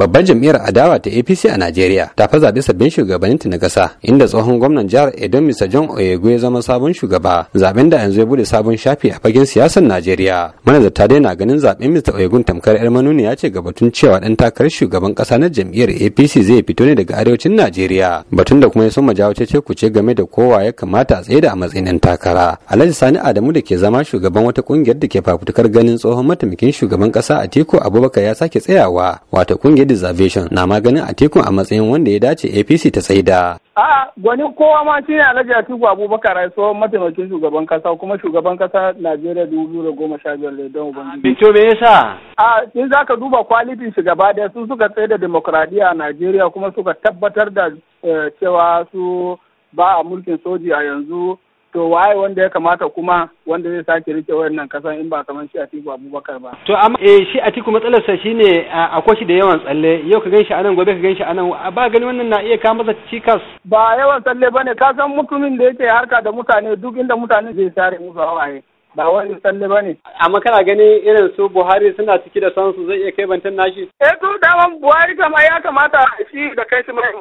Babbar jam'iyyar adawa ta APC a Najeriya ta fa zaɓi sabbin shugabanninta na ƙasa inda tsohon gwamnan jihar Edo Mr. John Oyego ya zama sabon shugaba zaɓen da yanzu ya bude sabon shafi a fagen siyasar Najeriya. Manazarta dai na ganin zaɓen Mr. Oyegun tamkar yar manuniya ce ga batun cewa ɗan takarar shugaban ƙasa na jam'iyyar APC zai fito ne daga arewacin Najeriya batun da kuma ya soma jawo cece kuce game da kowa ya kamata a tsaye da a matsayin ɗan takara. Alhaji Sani Adamu da ke zama shugaban wata ƙungiyar da ke fafutukar ganin tsohon mataimakin shugaban ƙasa Atiku Abubakar ya sake tsayawa wato ƙungiyar reservation na maganin a tekun a matsayin wanda ya dace APC ta saida. A'a gwani kowa ma ne Alhaji Atiku Abubakar rai tsohon mataimakin shugaban kasa kuma shugaban kasa Najeriya dubu da goma sha biyar da don ubangiji. Bicho me yasa? A in za ka duba kwalitin shi gaba ɗaya su suka tsaye da demokradiyya a Najeriya kuma suka tabbatar da eh, cewa su ba a mulkin soji a yanzu to waye wanda ya kamata kuma wanda zai sake rike wayannan kasan in ba kamar shi Atiku Abubakar ba to amma eh shi Atiku sa shine akwai shi da yawan tsalle yau ka ganshi anan gobe ka ganshi anan ba gani wannan na iya kawo masa cikas ba yawan tsalle bane ka san mutumin da yake harka da mutane duk inda mutane zai sare musu hawaye ba wani tsalle ba ne. Amma kana gani irin su Buhari suna ciki da sansu zai iya kai bantan nashi? Eh to daman Buhari kama ya kamata shi da kai su mai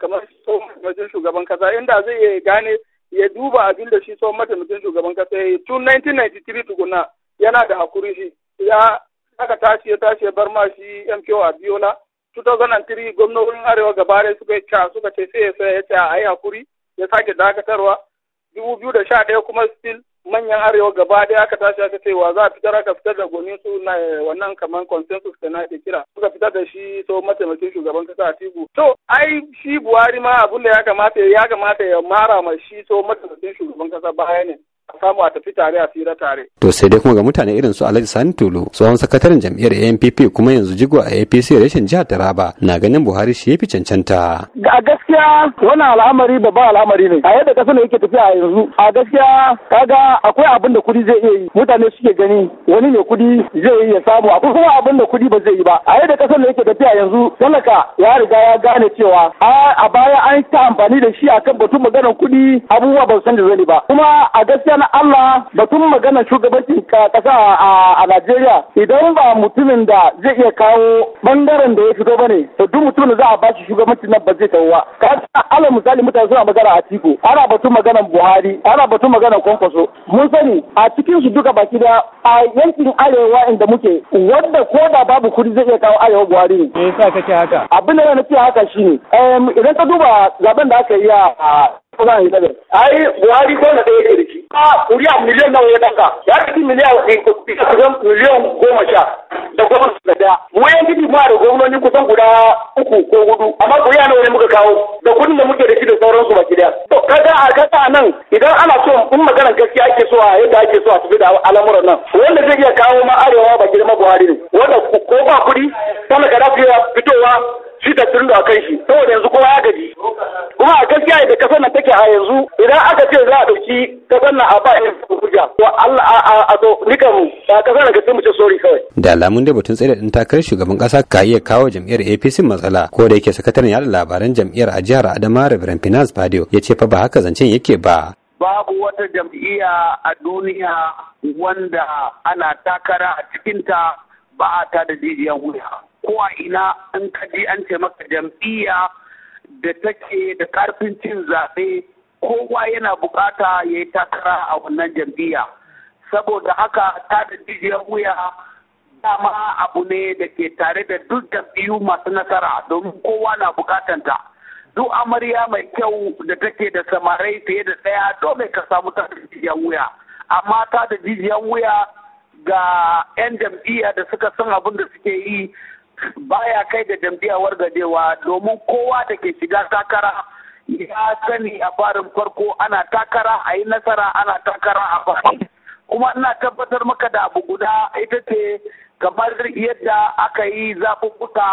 kamar shugaban kasa inda zai gane ya duba abin da shi tsohon mataimakin shugaban kasa ya yi tun 1993 tukuna yana da hakuri shi ya aka tashi ya tashi ya bar ma shi MKO Abiola 2003 gwamnonin arewa gaba suka ca suka ce sai ya sai ya ce a yi hakuri ya sake dakatarwa 2011 kuma still manyan arewa gaba ɗaya aka tashi aka ce wa za a fitar aka fitar da gonin su na eh, wannan kamar consensus da na ake kira suka fitar da shi to mataimakin shugaban kasa a tibu to ai shi buhari ma abin da ya kamata ya kamata ya mara ma shi to mataimakin shugaban kasa baya ne a samu a tafi tare a tsira tare. To sai dai kuma ga mutane irin su Alhaji Sani Tulu tsohon sakataren jam'iyyar ANPP kuma yanzu jigo a APC rashin jihar Taraba na ganin Buhari shi yafi cancanta. A gaskiya wannan al'amari babban al'amari ne a yadda kasa yake tafiya a yanzu a gaskiya kaga akwai abin da kudi zai iya yi mutane suke gani wani ne kuɗi zai iya samu akwai kuma abin da kudi ba zai yi ba a yadda kasar yake tafiya yanzu talaka ya riga ya gane cewa a baya an ta amfani da shi akan batun maganar kudi abubuwa ba su san zani ba kuma a gaskiya na Allah batun magana shugabancin kasa a Najeriya idan ba mutumin da zai iya kawo bangaren da ya fito bane to duk mutumin da za a bashi shugabancin nan ba zai kawo ba ka ala misali mutane suna magana a Tiko ana batun magana Buhari ana batun magana Kwankwaso mun sani a cikin su duka baki da a yankin arewa inda muke wanda ko da babu kudi zai iya kawo arewa Buhari ne me yasa kake haka abin da na ce haka shine idan ka duba zaben da aka yi a ai Buhari ko na ɗaya ka kuriya miliyan nawa ya ɗanka ya ɗauki miliyan kusan miliyan goma sha da gwamnati da daya mu yan gidi ma da gwamnoni kusan guda uku ko hudu amma kuriya nawa ne muka kawo da kudin da muke da shi da sauransu baki daya to kaga a kasa nan idan ana so in magana gaskiya ake so a yadda ake so a tafi da al'amuran nan wanda zai iya kawo ma arewa baki da buhari ne wanda ko ba kudi talaka da fitowa shi da turu a kai shi saboda yanzu kowa ya gaji kasar nan take a yanzu idan aka ce za a dauki kasar nan a ba ni hujja to Allah a to nikan ba kasar nan ka sai mu ce sorry kawai da alamun da batun da din takarar shugaban kasa ka iya kawo jam'iyyar APC matsala ko da yake sakataren yada labaran jam'iyyar a jihar Adamawa Reverend Finance Badio ya ce fa ba haka zancen yake ba babu wata jam'iyya a duniya wanda ana takara a cikinta ba a ta da jijiyan wuya ko a ina an kaji an ce maka jam'iyya da take da karfin cin zaɓe kowa yana bukata ya yi takara a wannan jam'iyya saboda haka ta da jijiyar wuya dama abu ne da ke tare da duk jam'iyyu masu nasara domin kowa na bukatanta duk amarya mai kyau da take da samarai fiye da ɗaya dole ka samu ta da jijiyar wuya amma ta da jijiyar wuya ga 'yan jam'iyya da suka san abin da suke yi baya kai da jam'iyyar wargadewa domin kowa da ke shiga takara ya sani a farin farko ana takara a yi nasara ana takara a farin kuma ina tabbatar maka da abu guda ita ce kamar yadda aka yi zaɓuɓɓuka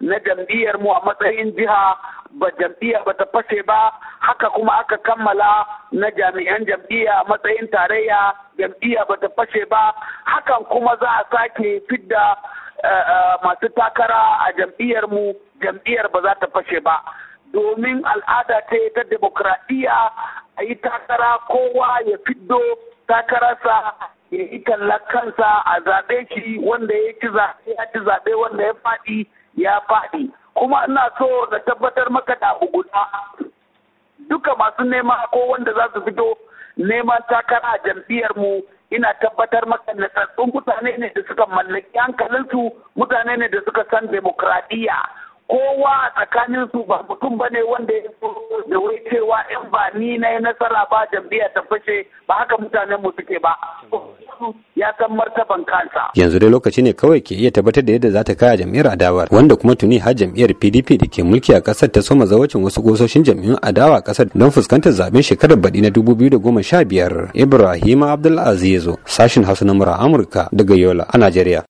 na jam'iyyar mu a matsayin jiha ba jam'iyya ba ta fashe ba haka kuma aka kammala na jami'an jam'iyya matsayin tarayya jam'iyya ba ta fashe ba hakan kuma za a sake fidda masu takara a jam'iyyar mu jam'iyyar ba za ta fashe ba domin al'ada ce ta demokradiyya a yi takara kowa ya fiddo takararsa ya yi tallar kansa a zaɓe shi wanda ya ci zaɓe ya ci zaɓe wanda ya faɗi ya faɗi kuma ina so na tabbatar maka da abu guda duka masu nema ko wanda za su fito neman takara a jam'iyyar mu ina tabbatar maka natsatsun mutane ne da suka mallaki hankalinsu mutane ne da suka san demokradiyya kowa a tsakanin su ba mutum bane wanda ya so da wai cewa in ba ni na yi nasara ba jam'iyya ta fashe ba haka mutanen mu suke ba su ya san martaban kansa yanzu dai lokaci ne kawai ke iya tabbatar da yadda za ta kaya jam'iyyar adawar wanda kuma tuni har jam'iyyar PDP da ke mulki a ƙasar ta soma zawacin wasu gososhin jam'iyyun adawa a ƙasar don fuskantar zaben shekarar baɗi na 2015 Ibrahim Abdulaziz sashin Hausa na Amurka daga Yola a Najeriya